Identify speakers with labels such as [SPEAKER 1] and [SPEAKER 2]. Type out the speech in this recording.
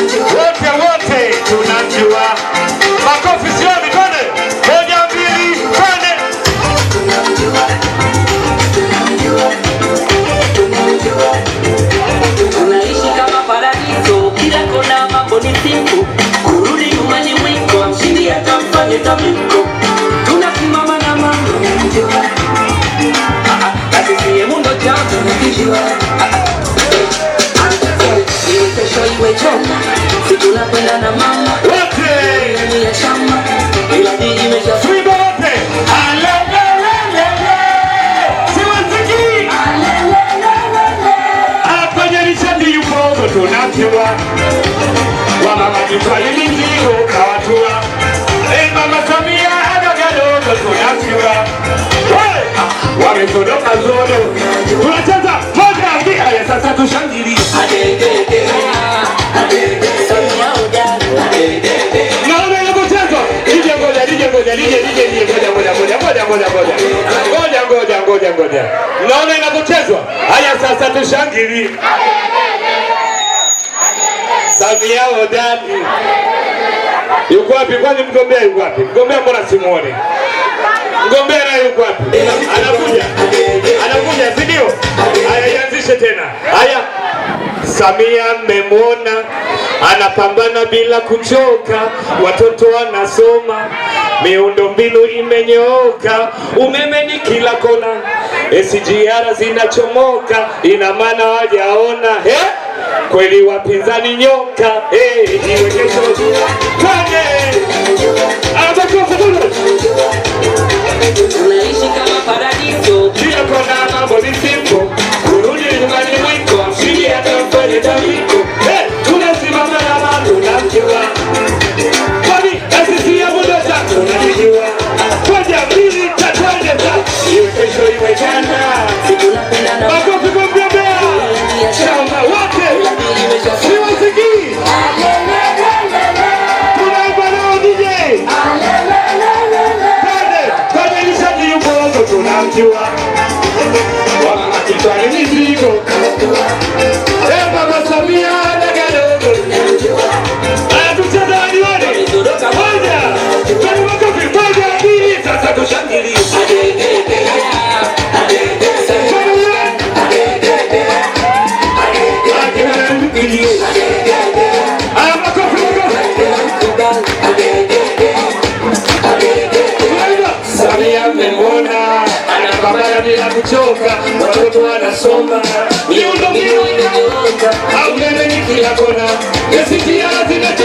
[SPEAKER 1] wote wote tunajua. Makofi sioni, twende moja mbili, twende.
[SPEAKER 2] Tunaishi kama paradiso, kila kona mambo ni kurudi nyuma ni mwiko, mshindi atamfanye tamko, tunasimama na mambo, tunajua ah, ah,
[SPEAKER 1] inakirwa wamamajitwalili nzigo kawatua e mama Samia adogadogo tunakirwa wametoroka zono tunacheza moja mbili aya sasa tushangilie Ngoja ngoja ngoja ngoja, naona inapochezwa. Haya, sasa tushangilie baadhi yao hodari. Yuko wapi? Kwani mgombea yuko wapi? Mgombea mbona simuone? Mgombea naye yuko wapi? Anakuja, anakuja, si ndio? Haya, ianzishe tena. Haya, Samia mmemwona, anapambana bila kuchoka, watoto wanasoma, miundombinu imenyooka, umeme ni kila kona, SGR zinachomoka, ina maana wajaona eh? kweli wapinzani nyoka, hey, eh, you watoto wanasoma, miundombinu inayoka umeme ni kila kona, gesi pia